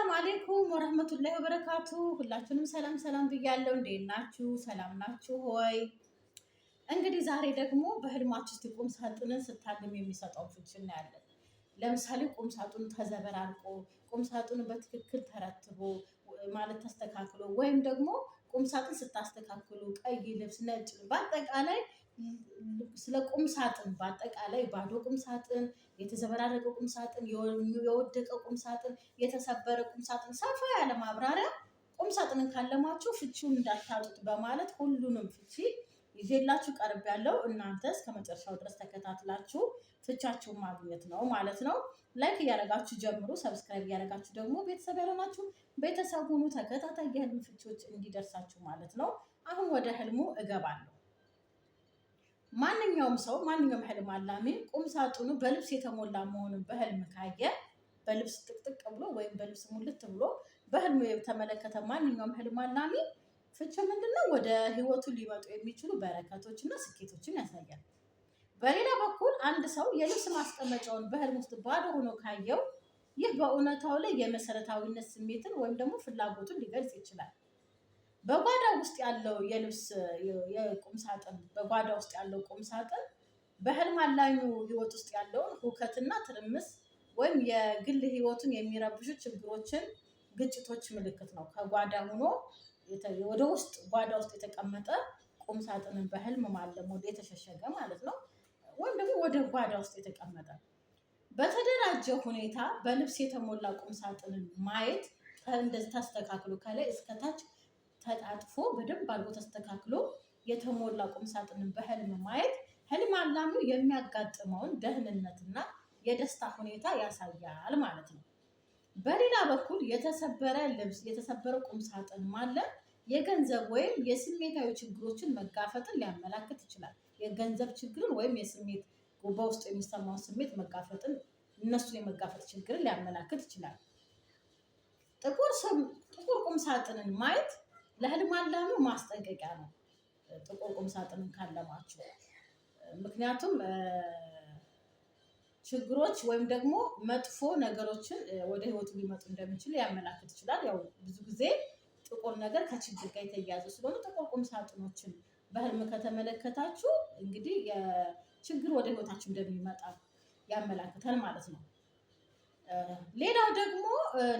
ሰላም አሌይኩም ወረህመቱላሂ ወበረካቱ። ሁላችሁንም ሰላም ሰላም ብያለሁ። እንዴት ናችሁ? ሰላም ናችሁ ሆይ? እንግዲህ ዛሬ ደግሞ በህልማችሁ እስኪ ቁም ሳጥንን ስታልም የሚሰጠው ፍች እናያለን። ለምሳሌ ቁም ሳጥኑ ተዘበራርቆ፣ ቁም ሳጥኑ በትክክል ተረትቦ ማለት ተስተካክሎ፣ ወይም ደግሞ ቁም ሳጥን ስታስተካክሉ ቀይ ልብስ፣ ነጭ በአጠቃላይ ስለ ቁም ሳጥን በአጠቃላይ ባዶ ቁም ሳጥን፣ የተዘበራረቀ ቁም ሳጥን፣ የወደቀ ቁም ሳጥን፣ የተሰበረ ቁም ሳጥን ሰፋ ያለ ማብራሪያ ቁም ሳጥንን ካለማችሁ ፍቺውን እንዳታጡት በማለት ሁሉንም ፍቺ ይዤላችሁ ቀርብ ያለው እናንተ እስከ መጨረሻው ድረስ ተከታትላችሁ ፍቻችሁን ማግኘት ነው ማለት ነው። ላይክ እያደረጋችሁ ጀምሩ። ሰብስክራይብ እያደረጋችሁ ደግሞ ቤተሰብ ያለናችሁ ቤተሰብ ሁኑ። ተከታታይ ያሉ ፍቺዎች እንዲደርሳችሁ ማለት ነው። አሁን ወደ ህልሙ እገባለሁ። ማንኛውም ሰው ማንኛውም ህልም አላሚ ቁም ሳጥኑ በልብስ የተሞላ መሆኑን በህልም ካየ በልብስ ጥቅጥቅ ብሎ ወይም በልብስ ሙልት ብሎ በህልሙ የተመለከተ ማንኛውም ህልም አላሚ ፍቺ ምንድነው? ወደ ህይወቱ ሊመጡ የሚችሉ በረከቶች እና ስኬቶችን ያሳያል። በሌላ በኩል አንድ ሰው የልብስ ማስቀመጫውን በህልም ውስጥ ባዶ ሆኖ ካየው ይህ በእውነታው ላይ የመሰረታዊነት ስሜትን ወይም ደግሞ ፍላጎቱን ሊገልጽ ይችላል። በጓዳ ውስጥ ያለው የልብስ ቁምሳጥን በጓዳ ውስጥ ያለው ቁምሳጥን በህልም አላኙ ህይወት ውስጥ ያለውን ሁከትና ትርምስ ወይም የግል ህይወቱን የሚረብሹ ችግሮችን፣ ግጭቶች ምልክት ነው። ከጓዳ ሆኖ ወደ ውስጥ ጓዳ ውስጥ የተቀመጠ ቁም ሳጥንን በህልም ማለም ወደ የተሸሸገ ማለት ነው። ወይም ደግሞ ወደ ጓዳ ውስጥ የተቀመጠ በተደራጀ ሁኔታ በልብስ የተሞላ ቁም ሳጥንን ማየት እንደዚህ ተስተካክሎ ከላይ እስከታች ተጣጥፎ በደንብ አድርጎ ተስተካክሎ የተሞላ ቁም ሳጥንን በህልም ማየት ህልም አላሚው የሚያጋጥመውን ደህንነትና የደስታ ሁኔታ ያሳያል ማለት ነው። በሌላ በኩል የተሰበረ ልብስ፣ የተሰበረ ቁም ሳጥን ማለም የገንዘብ ወይም የስሜታዊ ችግሮችን መጋፈጥን ሊያመላክት ይችላል። የገንዘብ ችግርን ወይም የስሜት በውስጡ የሚሰማውን ስሜት መጋፈጥን እነሱን የመጋፈጥ ችግርን ሊያመላክት ይችላል። ጥቁር ቁም ሳጥንን ማየት ለህልም አላሚው ማስጠንቀቂያ ነው። ጥቁር ቁም ሳጥንን ካለማችሁ ምክንያቱም ችግሮች ወይም ደግሞ መጥፎ ነገሮችን ወደ ህይወቱ ሊመጡ እንደሚችሉ ያመላክት ይችላል። ያው ብዙ ጊዜ ጥቁር ነገር ከችግር ጋር የተያያዘ ስለሆኑ ጥቁር ቁም ሳጥኖችን በህልም ከተመለከታችሁ እንግዲህ ችግር ወደ ህይወታችሁ እንደሚመጣ ያመላክታል ማለት ነው። ሌላው ደግሞ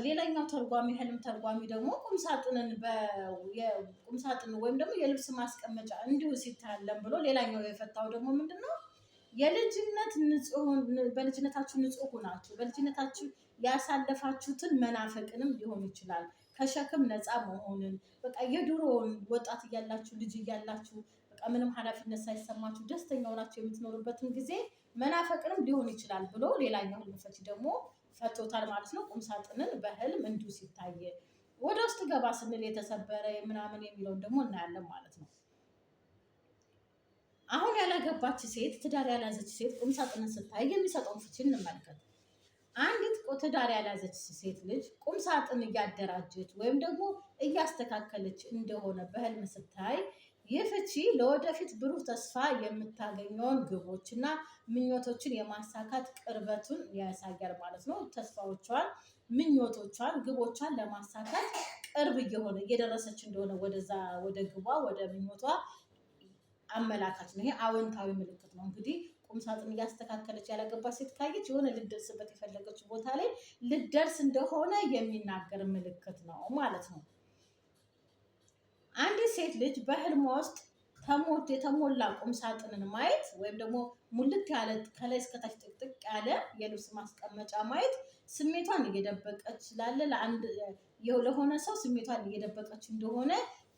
ሌላኛው ተርጓሚ ህልም ተርጓሚ ደግሞ ቁምሳጥንን ቁምሳጥን ወይም ደግሞ የልብስ ማስቀመጫ እንዲሁ ሲታለም ብሎ ሌላኛው የፈታው ደግሞ ምንድን ነው? የልጅነት በልጅነታችሁ ንጹህ ሁናችሁ በልጅነታችሁ ያሳለፋችሁትን መናፈቅንም ሊሆን ይችላል። ከሸክም ነፃ መሆንን በቃ የድሮውን ወጣት እያላችሁ ልጅ እያላችሁ በቃ ምንም ኃላፊነት ሳይሰማችሁ ደስተኛ ሆናችሁ የምትኖሩበትን ጊዜ መናፈቅንም ሊሆን ይችላል ብሎ ሌላኛው ህልም ፈቺ ደግሞ ፈቶታል ማለት ነው። ቁም ሳጥንን በህልም እንዱ ሲታይ ወደ ውስጥ ገባ ስንል የተሰበረ ምናምን የሚለውን ደግሞ እናያለን ማለት ነው። አሁን ያላገባች ሴት ትዳር ያልያዘች ሴት ቁም ሳጥንን ስታይ የሚሰጠውን ፍቺ እንመልከት። አንዲት ትዳር ያልያዘች ሴት ልጅ ቁም ሳጥን እያደራጀች ወይም ደግሞ እያስተካከለች እንደሆነ በህልም ስታይ ይህ ፍቺ ለወደፊት ብሩህ ተስፋ የምታገኘውን ግቦች እና ምኞቶችን የማሳካት ቅርበቱን ያሳያል ማለት ነው። ተስፋዎቿን፣ ምኞቶቿን፣ ግቦቿን ለማሳካት ቅርብ እየሆነ እየደረሰች እንደሆነ ወደዛ ወደ ግቧ ወደ ምኞቷ አመላካች ነው። ይሄ አዎንታዊ ምልክት ነው። እንግዲህ ቁም ሳጥን እያስተካከለች ያላገባች ሴት ካየች የሆነ ልደርስበት የፈለገች ቦታ ላይ ልደርስ እንደሆነ የሚናገር ምልክት ነው ማለት ነው። አንድ ሴት ልጅ በህልሟ ውስጥ ተሞት የተሞላ ቁም ሳጥንን ማየት ወይም ደግሞ ሙልት ያለ ከላይ እስከታች ጥቅጥቅ ያለ የልብስ ማስቀመጫ ማየት ስሜቷን እየደበቀች ላለ ለአንድ ለሆነ ሰው ስሜቷን እየደበቀች እንደሆነ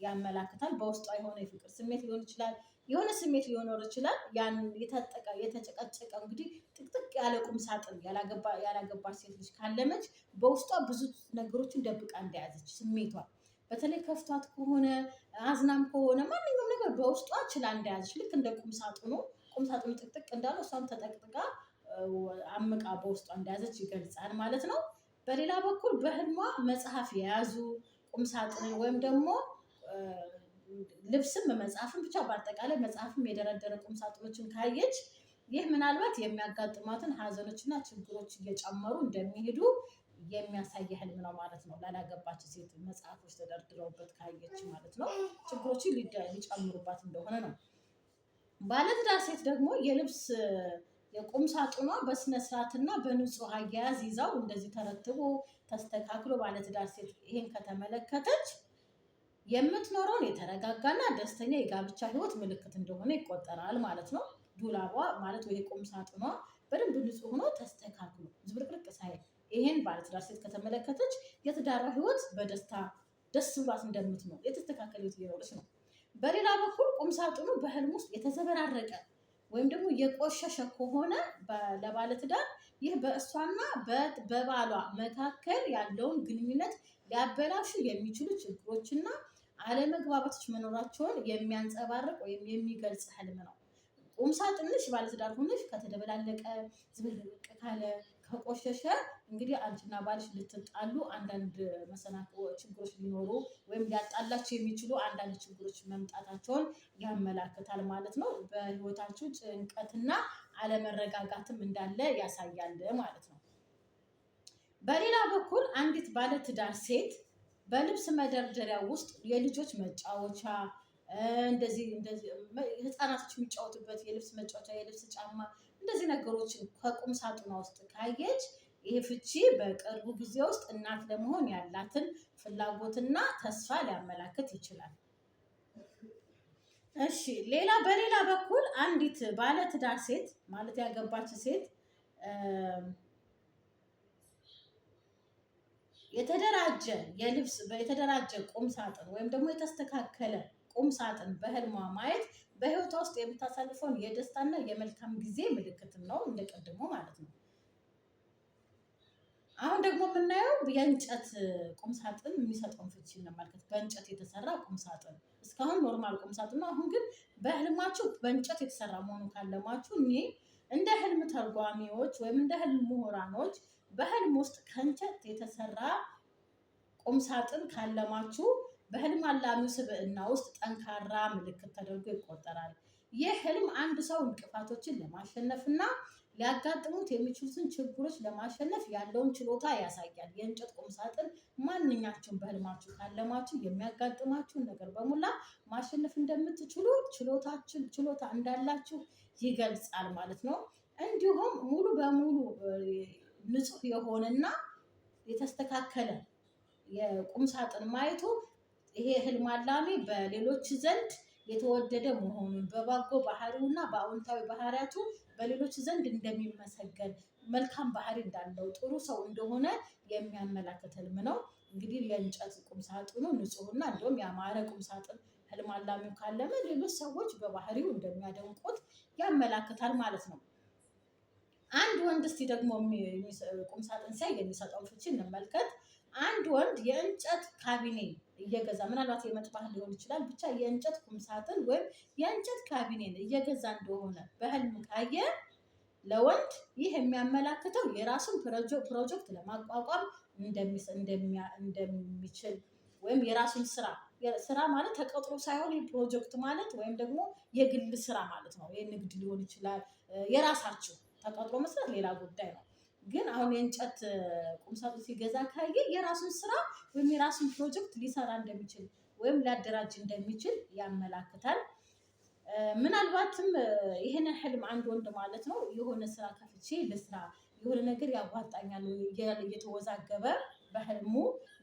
ያመላክታል። በውስጧ የሆነ የፍቅር ስሜት ሊሆን ይችላል፣ የሆነ ስሜት ሊኖር ይችላል። ያን የታጠቀ የተጨቀጨቀ እንግዲህ ጥቅጥቅ ያለ ቁም ሳጥን ያላገባች ሴት ልጅ ካለመች በውስጧ ብዙ ነገሮችን ደብቃ እንደያዘች ስሜቷል በተለይ ከፍቷት ከሆነ አዝናም ከሆነ ማንኛውም ነገር በውስጧ ችላ እንደያዘች ልክ እንደ ቁምሳጥኑ ቁምሳጥኑ ጥቅጥቅ እንዳለው እሷም ተጠቅጥቃ አምቃ በውስጧ እንደያዘች ይገልጻል ማለት ነው። በሌላ በኩል በህልሟ መጽሐፍ የያዙ ቁምሳጥን ወይም ደግሞ ልብስም መጽሐፍም ብቻ በአጠቃላይ መጽሐፍም የደረደረ ቁምሳጥኖችን ካየች ይህ ምናልባት የሚያጋጥሟትን ሀዘኖችና ችግሮች እየጨመሩ እንደሚሄዱ የሚያሳይ ህልም ነው ማለት ነው። ላላገባች ሴት መጽሐፎች ተደርድረውበት ካየች ማለት ነው ችግሮችን ሊጨምሩባት እንደሆነ ነው። ባለትዳር ሴት ደግሞ የልብስ የቁም ሳጥኗ በስነ ስርዓትና በንጹህ አያያዝ ይዛው እንደዚህ ተረትቦ ተስተካክሎ ባለትዳር ሴት ይህን ከተመለከተች የምትኖረውን የተረጋጋና ደስተኛ የጋብቻ ህይወት ምልክት እንደሆነ ይቆጠራል ማለት ነው። ዱላቧ ማለት ወይ ቁም ሳጥኗ በደንብ ንጹህ ሆኖ ተስተካክሎ ዝብርቅርቅ ሳይል ይሄን ባለትዳር ሴት ከተመለከተች የትዳራ ህይወት በደስታ ደስ ብሏት እንደምትኖር የተስተካከለ ህይወት እየኖረች ነው። በሌላ በኩል ቁምሳጥኑ በህልም ውስጥ የተዘበራረቀ ወይም ደግሞ የቆሸሸ ከሆነ ለባለትዳር ይህ በእሷና በባሏ መካከል ያለውን ግንኙነት ሊያበላሹ የሚችሉ ችግሮችና አለመግባባቶች መኖራቸውን የሚያንጸባርቅ ወይም የሚገልጽ ህልም ነው። ቁምሳጥንሽ ባለትዳር ሆነሽ ከተደበላለቀ ዝብርቅ ካለ ከቆሸሸ እንግዲህ አንቺና ባልሽ ልትጣሉ አንዳንድ መሰናክል ችግሮች ሊኖሩ ወይም ሊያጣላቸው የሚችሉ አንዳንድ ችግሮች መምጣታቸውን ያመላክታል ማለት ነው። በህይወታችሁ ጭንቀትና አለመረጋጋትም እንዳለ ያሳያል ማለት ነው። በሌላ በኩል አንዲት ባለትዳር ሴት በልብስ መደርደሪያ ውስጥ የልጆች መጫወቻ እንደዚህ እንደዚህ ህፃናቶች የሚጫወቱበት የልብስ መጫወቻ፣ የልብስ ጫማ እንደዚህ ነገሮችን ከቁም ሳጥኗ ውስጥ ካየች ይሄ ፍቺ በቅርቡ ጊዜ ውስጥ እናት ለመሆን ያላትን ፍላጎትና ተስፋ ሊያመላክት ይችላል። እሺ ሌላ በሌላ በኩል አንዲት ባለትዳር ሴት ማለት ያገባች ሴት የተደራጀ የልብስ የተደራጀ ቁም ሳጥን ወይም ደግሞ የተስተካከለ ቁም ሳጥን በህልሟ ማየት በህይወቷ ውስጥ የምታሳልፈውን የደስታና የመልካም ጊዜ ምልክትም ነው፣ እንደቀድሞ ማለት ነው። አሁን ደግሞ የምናየው የእንጨት ቁም ሳጥን የሚሰጠውን ፍቺ እንመልከት። በእንጨት የተሰራ ቁም ሳጥን እስካሁን ኖርማል ቁም ሳጥን ነው። አሁን ግን በህልማችሁ በእንጨት የተሰራ መሆኑ ካለማችሁ እኔ እንደ ህልም ተርጓሚዎች ወይም እንደ ህልም ምሁራኖች በህልም ውስጥ ከእንጨት የተሰራ ቁም ሳጥን ካለማችሁ በህልም አላሚው ስብዕና ውስጥ ጠንካራ ምልክት ተደርጎ ይቆጠራል። ይህ ህልም አንድ ሰው እንቅፋቶችን ለማሸነፍና ሊያጋጥሙት የሚችሉትን ችግሮች ለማሸነፍ ያለውን ችሎታ ያሳያል። የእንጨት ቁምሳጥን ማንኛችሁም በህልማችሁ ካለማችሁ የሚያጋጥማችሁን ነገር በሙላ ማሸነፍ እንደምትችሉ ችሎታችን ችሎታ እንዳላችሁ ይገልጻል ማለት ነው። እንዲሁም ሙሉ በሙሉ ንጹህ የሆነና የተስተካከለ የቁምሳጥን ማየቱ ይሄ ህልም አላሚ በሌሎች ዘንድ የተወደደ መሆኑን በባጎ እና በአዎንታዊ ባህሪያቱ በሌሎች ዘንድ እንደሚመሰገን መልካም ባህሪ እንዳለው ጥሩ ሰው እንደሆነ የሚያመላክት ህልም ነው። እንግዲህ የእንጨት ቁም ሳጥኑ ንጹህና እንዲሁም ያማረ ቁም ሳጥን ህልም አላሚው ካለመ ሌሎች ሰዎች በባህሪው እንደሚያደንቁት ያመላክታል ማለት ነው። አንድ ወንድ እስቲ ደግሞ ቁም ሳጥን ሲያይ ፍቺ እንመልከት። አንድ ወንድ የእንጨት ካቢኔ እየገዛ ምናልባት የመጥባህ ሊሆን ይችላል ብቻ የእንጨት ቁምሳጥን ወይም የእንጨት ካቢኔን እየገዛ እንደሆነ በህልም ካየ ለወንድ ይህ የሚያመላክተው የራሱን ፕሮጀክት ለማቋቋም እንደሚችል ወይም የራሱን ስራ ስራ ማለት ተቀጥሮ ሳይሆን ፕሮጀክት ማለት ወይም ደግሞ የግል ስራ ማለት ነው። የንግድ ሊሆን ይችላል። የራሳችሁ ተቀጥሮ መስራት ሌላ ጉዳይ ነው። ግን አሁን የእንጨት ቁምሳጥን ሲገዛ ካየ የራሱን ስራ ወይም የራሱን ፕሮጀክት ሊሰራ እንደሚችል ወይም ሊያደራጅ እንደሚችል ያመላክታል። ምናልባትም ይህንን ህልም አንድ ወንድ ማለት ነው የሆነ ስራ ከፍቼ ልስራ፣ የሆነ ነገር ያዋጣኛል እየተወዛገበ በህልሙ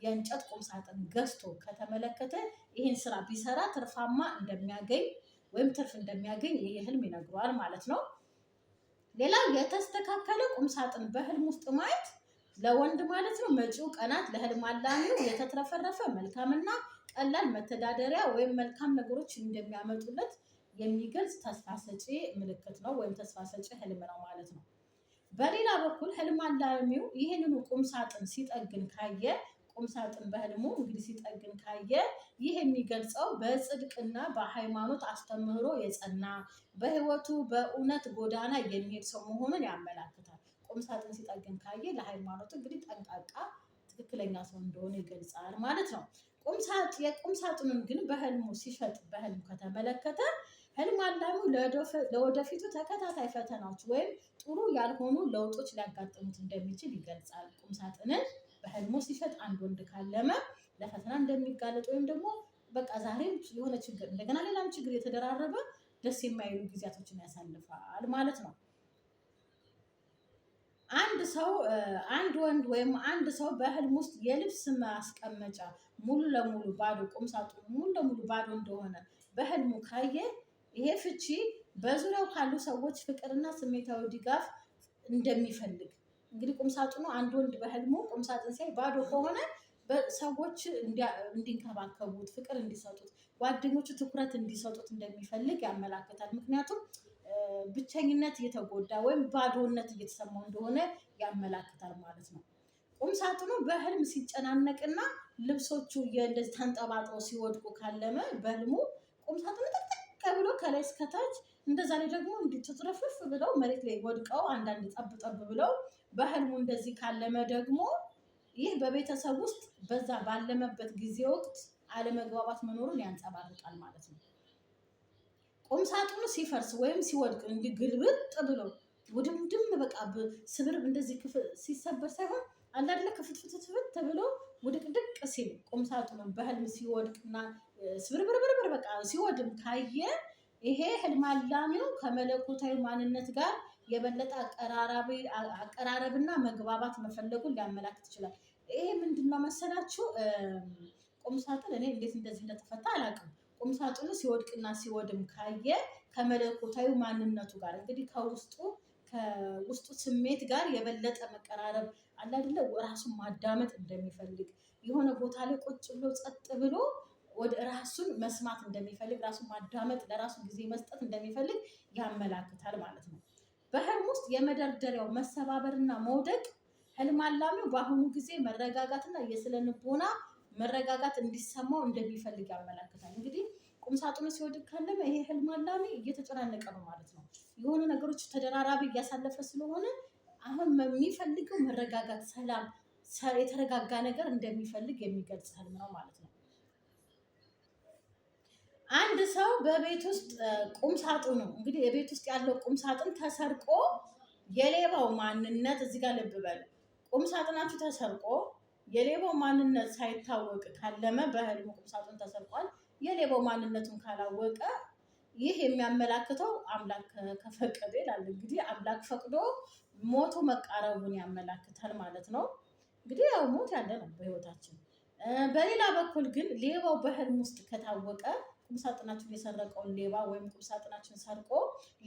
የእንጨት ቁምሳጥን ገዝቶ ከተመለከተ ይህን ስራ ቢሰራ ትርፋማ እንደሚያገኝ ወይም ትርፍ እንደሚያገኝ ይህ ህልም ይነግረዋል ማለት ነው። ሌላው የተስተካከለ ቁምሳጥን በህልም ውስጥ ማየት ለወንድ ማለት ነው መጪው ቀናት ለህልም አላሚው የተትረፈረፈ መልካምና ቀላል መተዳደሪያ ወይም መልካም ነገሮች እንደሚያመጡለት የሚገልጽ ተስፋ ሰጪ ምልክት ነው ወይም ተስፋ ሰጪ ህልም ነው ማለት ነው። በሌላ በኩል ህልም አላሚው ይህንኑ ቁምሳጥን ሲጠግን ካየ ቁምሳጥን በህልሙ እንግዲህ ሲጠግን ካየ ይህ የሚገልጸው በጽድቅና በሃይማኖት አስተምህሮ የጸና በህይወቱ በእውነት ጎዳና የሚሄድ ሰው መሆኑን ያመላክታል። ቁምሳጥን ሲጠግን ካየ ለሃይማኖት እንግዲህ ጠንቃቃ ትክክለኛ ሰው እንደሆነ ይገልጻል ማለት ነው። የቁምሳጥኑን ግን በህልሙ ሲሸጥ በህልሙ ከተመለከተ ህልም አላሚው ለወደፊቱ ተከታታይ ፈተናዎች ወይም ጥሩ ያልሆኑ ለውጦች ሊያጋጥሙት እንደሚችል ይገልጻል። ቁምሳጥንን በህልሙ ሲሸጥ አንድ ወንድ ካለመ ለፈተና እንደሚጋለጥ ወይም ደግሞ በቃ ዛሬም የሆነ ችግር እንደገና ሌላም ችግር የተደራረበ ደስ የማይሉ ጊዜያቶችን ያሳልፋል ማለት ነው። አንድ ሰው አንድ ወንድ ወይም አንድ ሰው በህልም ውስጥ የልብስ ማስቀመጫ ሙሉ ለሙሉ ባዶ ቁምሳጥኑ ሙሉ ለሙሉ ባዶ እንደሆነ በህልሙ ካየ ይሄ ፍቺ በዙሪያው ካሉ ሰዎች ፍቅርና ስሜታዊ ድጋፍ እንደሚፈልግ እንግዲህ ቁምሳጥኑ አንድ ወንድ በህልሙ ቁምሳጥን ሲያይ ባዶ ከሆነ ሰዎች እንዲንከባከቡት ፍቅር እንዲሰጡት ጓደኞቹ ትኩረት እንዲሰጡት እንደሚፈልግ ያመላክታል። ምክንያቱም ብቸኝነት እየተጎዳ ወይም ባዶነት እየተሰማው እንደሆነ ያመላክታል ማለት ነው። ቁም ሳጥኑ በህልም ሲጨናነቅና ልብሶቹ እንደዚህ ተንጠባጥሮ ሲወድቁ ካለመ በህልሙ ቁም ሳጥኑ ጥቅጥቅ ብሎ ከላይ እስከታች እንደዛ ላይ ደግሞ እንዲትትረፍፍ ብለው መሬት ላይ ወድቀው አንዳንድ ጠብ ጠብ ብለው በህልሙ እንደዚህ ካለመ ደግሞ ይህ በቤተሰብ ውስጥ በዛ ባለመበት ጊዜ ወቅት አለመግባባት መኖሩን ያንጸባርቃል ማለት ነው። ቁም ሳጥኑ ሲፈርስ ወይም ሲወድቅ እንዲህ ግልብጥ ብሎ ውድምድም በቃ ስብርብ እንደዚህ ሲሰበር ሳይሆን አንዳንድ ክፍትፍትፍት ብሎ ውድቅድቅ ሲል ቁም ሳጥኑን በህልም ሲወድቅና ስብርብርብርብር በቃ ሲወድም ካየ ይሄ ህልም አላሚው ከመለኮታዊ ማንነት ጋር የበለጠ አቀራረብና መግባባት መፈለጉን ሊያመላክት ይችላል። ይሄ ምንድነው መሰላችሁ? ቁምሳጥን እኔ እንዴት እንደዚህ እንደተፈታ አላውቅም። ቁምሳጥኑ ሲወድቅና ሲወድም ካየ ከመለኮታዊ ማንነቱ ጋር እንግዲህ ከውስጡ ከውስጡ ስሜት ጋር የበለጠ መቀራረብ አለ አይደለ? ራሱን ማዳመጥ እንደሚፈልግ የሆነ ቦታ ላይ ቁጭ ብሎ ጸጥ ብሎ ወደ ራሱን መስማት እንደሚፈልግ ራሱን ማዳመጥ ለራሱ ጊዜ መስጠት እንደሚፈልግ ያመላክታል ማለት ነው። በህልም ውስጥ የመደርደሪያው መሰባበርና መውደቅ ህልም አላሚው በአሁኑ ጊዜ መረጋጋትና የስለንቦና መረጋጋት እንዲሰማው እንደሚፈልግ ያመላክታል። እንግዲህ ቁምሳጥኑ ሲወድቅ ካለመ ይሄ ህልም አላሚ እየተጨናነቀ ነው ማለት ነው። የሆኑ ነገሮች ተደራራቢ እያሳለፈ ስለሆነ አሁን የሚፈልገው መረጋጋት፣ ሰላም፣ የተረጋጋ ነገር እንደሚፈልግ የሚገልጽ ህልም ነው ማለት ነው። አንድ ሰው በቤት ውስጥ ቁም ነው እንግዲህ የቤት ውስጥ ያለው ቁም ሳጥን ተሰርቆ የሌባው ማንነት እዚህ ጋር ልብ በል። ቁም ተሰርቆ የሌባው ማንነት ሳይታወቅ ካለመ በህልሙ ቁም ሳጥን ተሰርቋል። የሌባው ማንነቱን ካላወቀ ይህ የሚያመላክተው አምላክ ከፈቀደ ይላል። እንግዲህ አምላክ ፈቅዶ ሞቱ መቃረቡን ያመላክታል ማለት ነው። እንግዲህ ያው ሞት ያለ ነው በህይወታችን። በሌላ በኩል ግን ሌባው በህልም ውስጥ ከታወቀ ቁምሳጥናችሁን የሰረቀውን ሌባ ወይም ቁምሳጥናችሁን ሰርቆ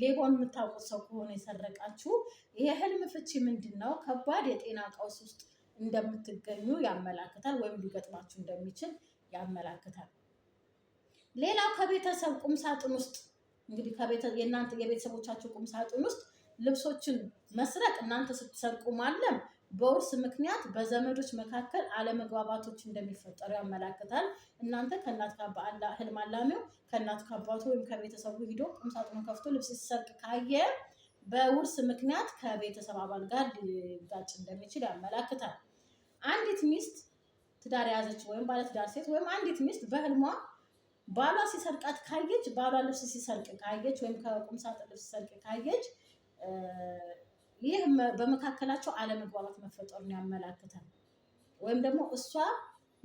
ሌባውን የምታውቁት ሰው ከሆነ የሰረቃችሁ ይሄ ህልም ፍቺ ምንድን ነው? ከባድ የጤና ቀውስ ውስጥ እንደምትገኙ ያመላክታል፣ ወይም ሊገጥማችሁ እንደሚችል ያመላክታል። ሌላው ከቤተሰብ ቁምሳጥን ውስጥ እንግዲህ የእናንተ የቤተሰቦቻችሁ ቁምሳጥን ውስጥ ልብሶችን መስረቅ እናንተ ስትሰርቁ ማለም በውርስ ምክንያት በዘመዶች መካከል አለመግባባቶች እንደሚፈጠሩ ያመላክታል። እናንተ ከእናት ህልም አላሚው ከእናት ከአባቱ ወይም ከቤተሰቡ ሂዶ ቁምሳጥኑን ከፍቶ ልብስ ሲሰርቅ ካየ በውርስ ምክንያት ከቤተሰብ አባል ጋር ሊጋጭ እንደሚችል ያመላክታል። አንዲት ሚስት ትዳር የያዘች ወይም ባለትዳር ሴት ወይም አንዲት ሚስት በህልሟ ባሏ ሲሰርቃት ካየች፣ ባሏ ልብስ ሲሰርቅ ካየች ወይም ከቁምሳጥን ልብስ ሲሰርቅ ካየች ይህ በመካከላቸው አለመግባባት መፈጠሩን ያመላክታል። ወይም ደግሞ እሷ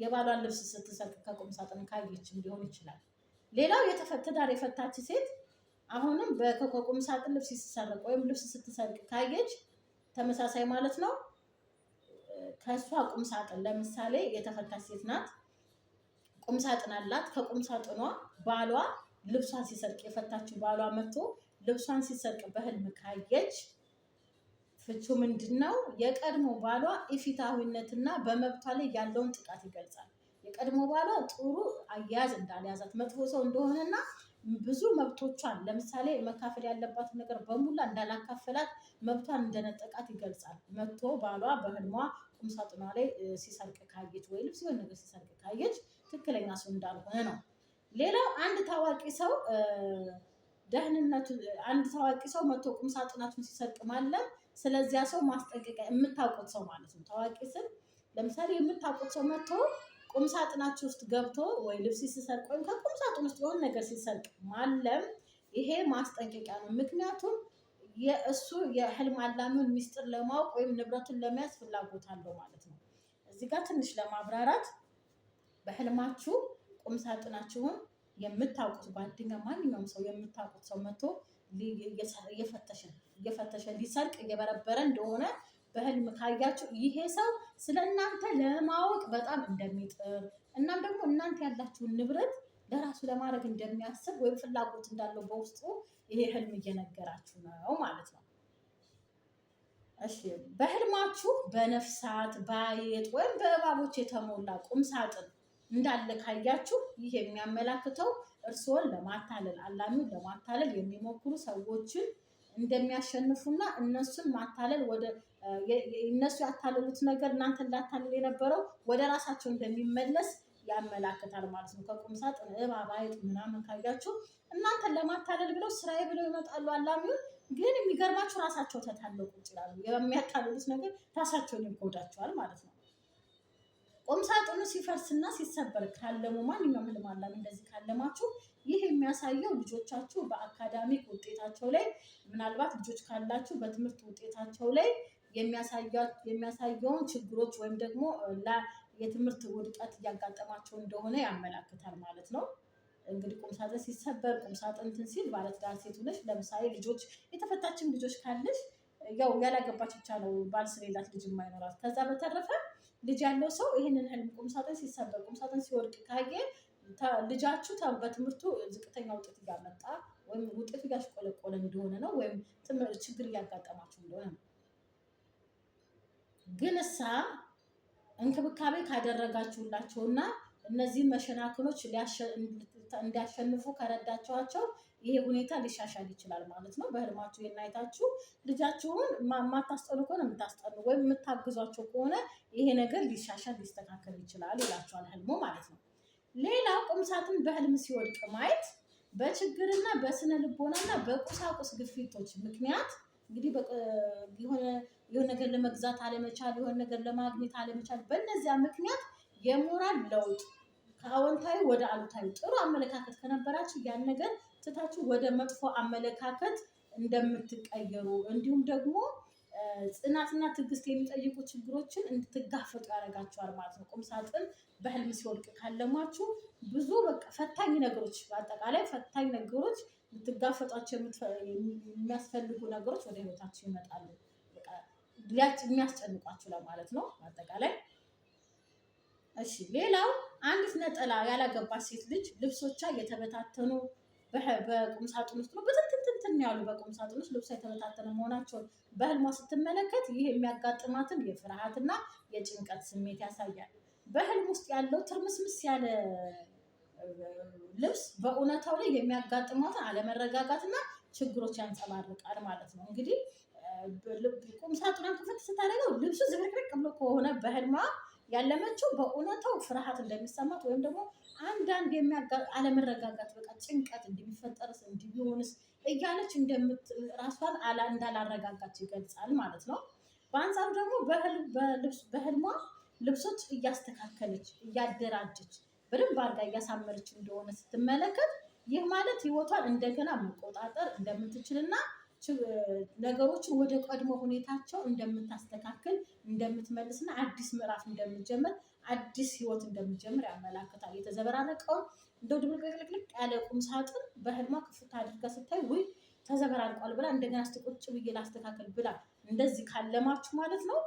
የባሏን ልብስ ስትሰቅ ከቁም ሳጥን ካየችም ሊሆን ይችላል። ሌላው ትዳር የፈታች ሴት አሁንም ከቁም ሳጥን ልብስ ሲሰረቅ ወይም ልብስ ስትሰርቅ ካየች ተመሳሳይ ማለት ነው። ከእሷ ቁም ሳጥን ለምሳሌ የተፈታች ሴት ናት፣ ቁም ሳጥን አላት። ከቁም ሳጥኗ ባሏ ልብሷን ሲሰርቅ የፈታችው ባሏ መጥቶ ልብሷን ሲሰርቅ በህልም ካየች ፍቹ ምንድን ነው? የቀድሞ ባሏ ኢፍትሐዊነትና በመብቷ ላይ ያለውን ጥቃት ይገልጻል። የቀድሞ ባሏ ጥሩ አያያዝ እንዳልያዛት መጥፎ ሰው እንደሆነና ብዙ መብቶቿን ለምሳሌ መካፈል ያለባት ነገር በሙላ እንዳላካፈላት መብቷን እንደነጠቃት ይገልጻል። መጥቶ ባሏ በህልሟ ቁምሳጥኗ ላይ ሲሰርቅ ካየች ወይ ልብስ የሆነ ነገር ሲሰርቅ ካየች ትክክለኛ ሰው እንዳልሆነ ነው። ሌላው አንድ ታዋቂ ሰው ደህንነቱ አንድ ታዋቂ ሰው መጥቶ ቁምሳጥናቱን ሲሰርቅ ማለም ስለዚያ ሰው ማስጠንቀቂያ የምታውቁት ሰው ማለት ነው። ታዋቂ ስም ለምሳሌ የምታውቁት ሰው መጥቶ ቁም ሳጥናችሁ ውስጥ ገብቶ ወይ ልብስ ሲሰርቅ ወይም ከቁም ሳጥን ውስጥ የሆነ ነገር ሲሰርቅ ማለም ይሄ ማስጠንቀቂያ ነው። ምክንያቱም የእሱ የህልም አላሚውን ሚስጥር ለማወቅ ወይም ንብረቱን ለመያዝ ፍላጎት አለው ማለት ነው። እዚህ ጋር ትንሽ ለማብራራት በህልማችሁ ቁም ሳጥናችሁን የምታውቁት ጓደኛ፣ ማንኛውም ሰው የምታውቁት ሰው መጥቶ ተፈተሸ ሊሰርቅ እየበረበረ እንደሆነ በህልም ካያችሁ ይሄ ሰው ስለ እናንተ ለማወቅ በጣም እንደሚጥር እናም ደግሞ እናንተ ያላችሁን ንብረት ለራሱ ለማድረግ እንደሚያስብ ወይም ፍላጎት እንዳለው በውስጡ ይሄ ህልም እየነገራችሁ ነው ማለት ነው። እሺ በህልማችሁ በነፍሳት ባየጥ ወይም በእባቦች የተሞላ ቁም ሳጥን እንዳለ ካያችሁ ይህ የሚያመላክተው እርስዎን ለማታለል አላሚውን ለማታለል የሚሞክሩ ሰዎችን እንደሚያሸንፉና እነሱን ማታለል ወደ እነሱ ያታለሉት ነገር እናንተ እንዳታለል የነበረው ወደ ራሳቸው እንደሚመለስ ያመላክታል ማለት ነው። ከቁም ሳጥን እባብ፣ አይጥ ምናምን ካያችሁ እናንተን ለማታለል ብለው ስራዬ ብለው ይመጣሉ አላሚውን። ግን የሚገርማችሁ ራሳቸው ተታለቁ ይችላሉ። የሚያታልሉት ነገር ራሳቸውን ይጎዳቸዋል ማለት ነው። ቁምሳጥኑ ሲፈርስና ሲሰበር ካለሙ ማንኛውም ህልም እንደዚህ ካለማችሁ ይህ የሚያሳየው ልጆቻችሁ በአካዳሚክ ውጤታቸው ላይ ምናልባት ልጆች ካላችሁ በትምህርት ውጤታቸው ላይ የሚያሳየውን ችግሮች ወይም ደግሞ የትምህርት ውድቀት እያጋጠማቸው እንደሆነ ያመላክታል ማለት ነው። እንግዲህ ቁምሳጥን ሲሰበር ቁምሳጥን እንትን ሲል ባለትዳር ሴት ሆነሽ ለምሳሌ ልጆች የተፈታችን ልጆች ካለሽ ያው ያላገባች ብቻ ነው ባል ስለሌላት ልጅ የማይኖራት ከዛ በተረፈ ልጅ ያለው ሰው ይህንን ህልም ቁምሳጥን ሲሰበር ቁምሳጥን ሲወድቅ ካየ ልጃችሁ በትምህርቱ ዝቅተኛ ውጤት እያመጣ ወይም ውጤቱ እያሽቆለቆለ እንደሆነ ነው፣ ወይም ችግር እያጋጠማችሁ እንደሆነ ነው። ግን እሳ እንክብካቤ ካደረጋችሁላቸውና እነዚህ መሸናክሎች እንዲያሸንፉ ከረዳችኋቸው ይሄ ሁኔታ ሊሻሻል ይችላል ማለት ነው። በህልማችሁ የናይታችሁ ልጃችሁን የማታስጠሉ ከሆነ የምታስጠሉ ወይም የምታግዟቸው ከሆነ ይሄ ነገር ሊሻሻል ሊስተካከል ይችላል ይላችኋል ህልሙ ማለት ነው። ሌላ ቁምሳጥን በህልም ሲወድቅ ማየት በችግርና በስነ ልቦናና በቁሳቁስ ግፊቶች ምክንያት እንግዲህ የሆነ ነገር ለመግዛት አለመቻል፣ የሆነ ነገር ለማግኘት አለመቻል፣ በእነዚያ ምክንያት የሞራል ለውጥ ከአዎንታዊ ወደ አሉታዊ ጥሩ አመለካከት ከነበራችሁ ያን ነገር ትታችሁ ወደ መጥፎ አመለካከት እንደምትቀየሩ እንዲሁም ደግሞ ጽናትና ትዕግስት የሚጠይቁ ችግሮችን እንድትጋፈጡ ያደርጋችኋል ማለት ነው። ቁምሳጥን ሳጥን በህልም ሲወድቅ ካለማችሁ ብዙ በቃ ፈታኝ ነገሮች፣ በአጠቃላይ ፈታኝ ነገሮች ልትጋፈጧቸው የሚያስፈልጉ ነገሮች ወደ ህይወታችሁ ይመጣሉ፣ የሚያስጨንቋችሁ ለማለት ነው በአጠቃላይ እሺ ሌላው አንዲት ነጠላ ያላገባች ሴት ልጅ ልብሶቿ የተበታተኑ በቁምሳጥን ውስጥ ነው በትንትንትን ያሉ በቁምሳጥን ውስጥ ልብሷ የተበታተነ መሆናቸውን በህልሟ ስትመለከት ይህ የሚያጋጥማትን የፍርሃትና የጭንቀት ስሜት ያሳያል። በህልም ውስጥ ያለው ትርምስምስ ያለ ልብስ በእውነታው ላይ የሚያጋጥማትን አለመረጋጋትና ችግሮች ያንጸባርቃል ማለት ነው። እንግዲህ ቁምሳጥኗን ክፍት ስታደርገው ልብሱ ዝብርቅርቅ ብሎ ከሆነ ያለመችው በእውነታው ፍርሃት እንደሚሰማት ወይም ደግሞ አንዳንድ አለመረጋጋት በቃ ጭንቀት እንደሚፈጠርስ እንዲሆንስ እያለች ራሷን እንዳላረጋጋች ይገልጻል ማለት ነው። በአንጻሩ ደግሞ በህልሟ ልብሶች እያስተካከለች እያደራጀች በደንብ አድርጋ እያሳመረች እንደሆነ ስትመለከት ይህ ማለት ህይወቷን እንደገና መቆጣጠር እንደምትችልና ነገሮችን ወደ ቀድሞ ሁኔታቸው እንደምታስተካክል እንደምትመልስና አዲስ ምዕራፍ እንደምጀምር አዲስ ህይወት እንደምጀምር ያመላክታል። የተዘበራረቀውን እንደው ድብልቅልቅልቅ ያለ ቁም ሳጥን በህልማ ክፍት አድርጋ ስታይ ውይ ተዘበራርቋል ብላ እንደገና እስቲ ብዬ ላስተካከል ብላ እንደዚህ ካለማችሁ ማለት ነው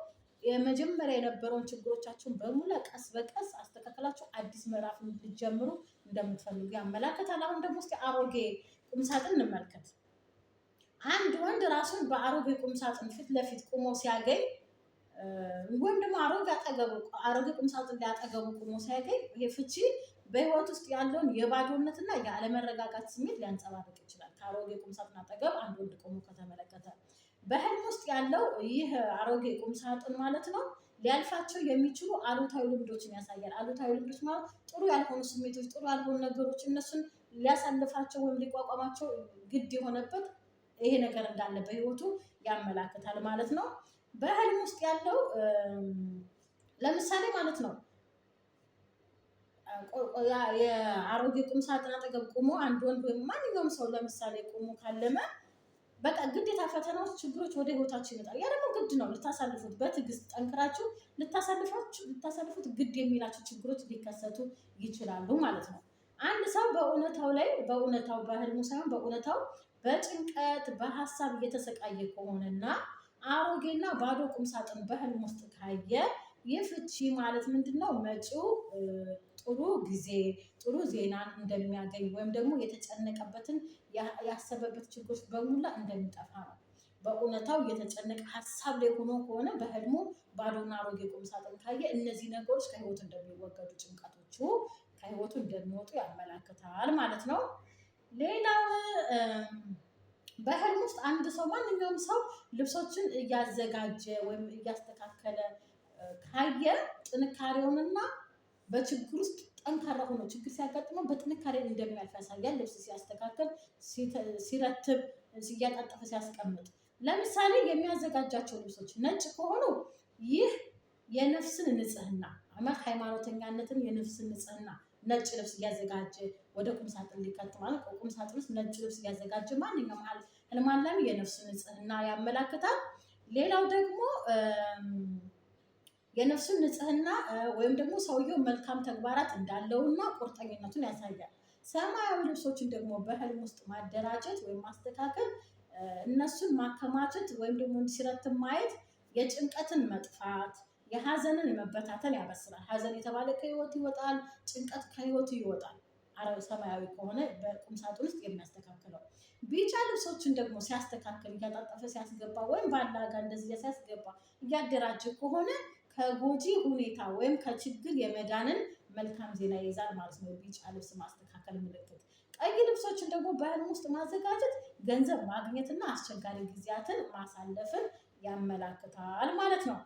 የመጀመሪያ የነበረውን ችግሮቻችሁን በሙላ ቀስ በቀስ አስተካከላችሁ አዲስ ምዕራፍ እንድትጀምሩ እንደምትፈልጉ ያመላከታል። አሁን ደግሞ እስኪ አሮጌ ቁምሳጥን እንመልከት። አንድ ወንድ ራሱን በአሮጌ ቁምሳጥን ፊት ለፊት ቁሞ ሲያገኝ ወይም ደግሞ አሮጌ አጠገቡ አሮጌ ቁምሳጥን ላይ አጠገቡ ቁሞ ሲያገኝ ይህ ፍቺ በህይወት ውስጥ ያለውን የባዶነትና የአለመረጋጋት ስሜት ሊያንጸባርቅ ይችላል። ከአሮጌ ቁምሳጥን አጠገብ አንድ ወንድ ቆሞ ከተመለከተ በህልም ውስጥ ያለው ይህ አሮጌ ቁምሳጥን ማለት ነው ሊያልፋቸው የሚችሉ አሉታዊ ልምዶችን ያሳያል። አሉታዊ ልምዶች ማለት ጥሩ ያልሆኑ ስሜቶች፣ ጥሩ ያልሆኑ ነገሮች እነሱን ሊያሳልፋቸው ወይም ሊቋቋማቸው ግድ የሆነበት ይሄ ነገር እንዳለ በህይወቱ ያመላክታል ማለት ነው። በህልም ውስጥ ያለው ለምሳሌ ማለት ነው የአሮጌ ቁም ሳጥን አጠገብ ቆሞ አንድ ወንድ ወይም ማንኛውም ሰው ለምሳሌ ቁሞ ካለመ በቃ ግዴታ ፈተናዎች፣ ችግሮች ወደ ህይወታችሁ ይመጣል። ያ ደግሞ ግድ ነው። ልታሳልፉት በትዕግስት ጠንክራችሁ ልታሳልፉት ግድ የሚላቸው ችግሮች ሊከሰቱ ይችላሉ ማለት ነው። አንድ ሰው በእውነታው ላይ በእውነታው በህልሙ ሳይሆን በእውነታው በጭንቀት በሀሳብ እየተሰቃየ ከሆነና አሮጌና ባዶ ቁምሳጥን በህልም ውስጥ ካየ ይህ ፍቺ ማለት ምንድን ነው? መጪው ጥሩ ጊዜ ጥሩ ዜናን እንደሚያገኝ ወይም ደግሞ የተጨነቀበትን ያሰበበት ችግሮች በሙላ እንደሚጠፋ ነው። በእውነታው የተጨነቀ ሀሳብ ላይ ሆኖ ከሆነ በህልሙ ባዶና አሮጌ ቁምሳጥን ካየ እነዚህ ነገሮች ከህይወቱ እንደሚወገዱ ጭንቀቶቹ ከህይወቱ እንደሚወጡ ያመላክታል ማለት ነው። ሌላው በህልም ውስጥ አንድ ሰው ማንኛውም ሰው ልብሶችን እያዘጋጀ ወይም እያስተካከለ ካየ ጥንካሬውንና በችግር ውስጥ ጠንካራ ሆኖ ችግር ሲያጋጥመው በጥንካሬ እንደሚያልፍ ያሳያል። ልብስ ሲያስተካከል፣ ሲረትብ፣ ሲያጣጥፍ፣ ሲያስቀምጥ ለምሳሌ የሚያዘጋጃቸው ልብሶች ነጭ ከሆኑ ይህ የነፍስን ንጽህና ማለት ሃይማኖተኛነትን የነፍስን ንጽህና ነጭ ልብስ እያዘጋጀ ወደ ቁም ሳጥን ሊቀጥ ማለት ቁም ሳጥን ውስጥ ነጭ ልብስ እያዘጋጀ ማንኛውም ህልም አላሚ የነፍሱ ንጽህና ያመላክታል። ሌላው ደግሞ የነፍሱን ንጽህና ወይም ደግሞ ሰውየው መልካም ተግባራት እንዳለውና ቁርጠኝነቱን ያሳያል። ሰማያዊ ልብሶችን ደግሞ በህልም ውስጥ ማደራጀት ወይም ማስተካከል እነሱን ማከማቸት ወይም ደግሞ ሲረትን ማየት የጭንቀትን መጥፋት የሀዘንን መበታተን ያበስራል። ሀዘን የተባለ ከህይወት ይወጣል። ጭንቀት ከህይወቱ ይወጣል። ሰማያዊ ከሆነ በቁም ሳጥን ውስጥ የሚያስተካክለው ቢጫ ልብሶችን ደግሞ ሲያስተካክል እያጣጠፈ ሲያስገባ ወይም በአንድ አልጋ ሲያስገባ እያደራጀ ከሆነ ከጎጂ ሁኔታ ወይም ከችግር የመዳንን መልካም ዜና ይይዛል ማለት ነው። ቢጫ ልብስ ማስተካከል ምልክት። ቀይ ልብሶችን ደግሞ በህልም ውስጥ ማዘጋጀት ገንዘብ ማግኘትና አስቸጋሪ ጊዜያትን ማሳለፍን ያመላክታል ማለት ነው።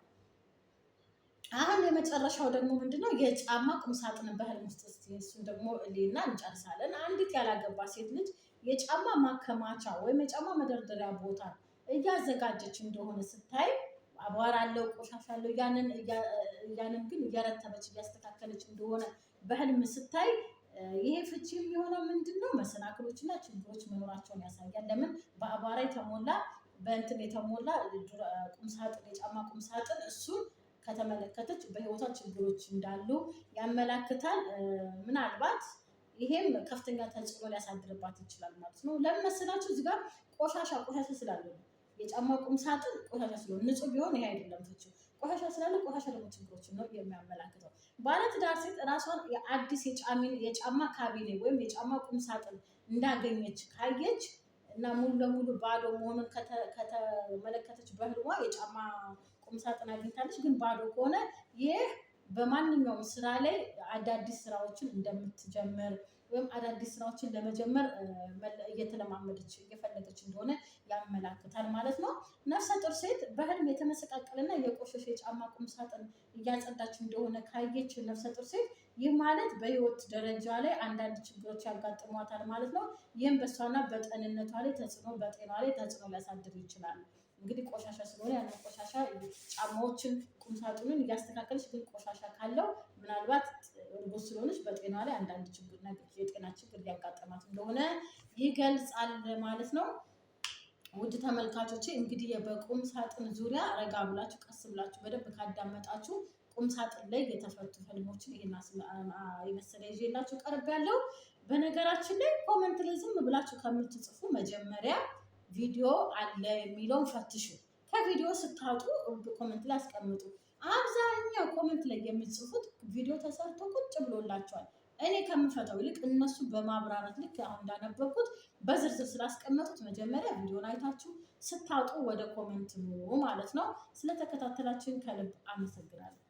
አሁን የመጨረሻው ደግሞ ምንድነው የጫማ ቁምሳጥን በህልም ውስጥ ስ እሱን ደግሞ እሌና እንጨርሳለን። አንዲት ያላገባ ሴት ልጅ የጫማ ማከማቻ ወይም የጫማ መደርደሪያ ቦታ እያዘጋጀች እንደሆነ ስታይ አቧራ አለው፣ ቆሻሻ አለው። ያንን ግን እያረተበች እያስተካከለች እንደሆነ በህልም ስታይ ይሄ ፍቺ የሆነው ምንድን ነው? እና ችግሮች መኖራቸውን ያሳያል። ለምን በአቧራ የተሞላ በእንትን የተሞላ ቁምሳጥን የጫማ ቁምሳጥን እሱን ከተመለከተች በህይወቷ ችግሮች እንዳሉ ያመላክታል። ምናልባት ይሄም ከፍተኛ ተጽዕኖ ሊያሳድርባት ይችላል ማለት ነው። ለምን መሰላችሁ? እዚህ ጋር ቆሻሻ ቆሻሻ ስላለ ነው። የጫማ ቁም ሳጥን ቆሻሻ ስለሆነ ንጹህ ቢሆን ይሄ አይደለም ፍቺው። ቆሻሻ ስላለ ቆሻሻ ደግሞ ችግሮችን ነው የሚያመላክተው። ባለትዳር ሴት ራሷን የአዲስ የጫማ ካቢኔ ወይም የጫማ ቁም ሳጥን እንዳገኘች ካየች እና ሙሉ ለሙሉ ባዶ መሆኑን ከተመለከተች በህልሟ የጫማ ቁምሳጥን አግኝታለች። ግን ባዶ ከሆነ ይህ በማንኛውም ስራ ላይ አዳዲስ ስራዎችን እንደምትጀምር ወይም አዳዲስ ስራዎችን ለመጀመር እየተለማመደች እየፈለገች እንደሆነ ያመላክታል ማለት ነው። ነፍሰ ጡር ሴት በህልም የተመሰቃቀለና የቆሸሸ የጫማ ቁምሳጥን እያጸዳች እንደሆነ ካየች ነፍሰ ጡር ሴት ይህ ማለት በህይወት ደረጃ ላይ አንዳንድ ችግሮች ያጋጥሟታል ማለት ነው። ይህም በእሷና በጤንነቷ ላይ ተጽዕኖ በጤና ላይ ተጽዕኖ ሊያሳድር ይችላል። እንግዲህ ቆሻሻ ስለሆነ ያንን ቆሻሻ ጫማዎችን፣ ቁምሳጥኑን እያስተካከለች ግን ቆሻሻ ካለው ምናልባት እርጉዝ ስለሆነች በጤና ላይ አንዳንድ ችግር ነገር የጤና ችግር ሊያጋጠማት እንደሆነ ይገልጻል ማለት ነው። ውድ ተመልካቾች እንግዲህ በቁም ሳጥን ዙሪያ ረጋ ብላችሁ ቀስ ብላችሁ በደንብ ካዳመጣችሁ ቁም ሳጥን ላይ የተፈቱ ህልሞችን ይሄን የመሰለ ይዤላችሁ ቀርብ ያለው። በነገራችን ላይ ኮመንት ላይ ዝም ብላችሁ ከምትጽፉ መጀመሪያ ቪዲዮ አለ የሚለውን ፈትሹ። ከቪዲዮ ስታጡ ኮመንት ላይ አስቀምጡ። አብዛኛው ኮመንት ላይ የሚጽፉት ቪዲዮ ተሰርቶ ቁጭ ብሎላቸዋል። እኔ ከምፈተው ይልቅ እነሱ በማብራራት ልክ አሁን እንዳነበብኩት በዝርዝር ስላስቀመጡት መጀመሪያ ቪዲዮን አይታችሁ ስታጡ ወደ ኮመንት ማለት ነው። ስለተከታተላችሁን ከልብ አመሰግናለሁ።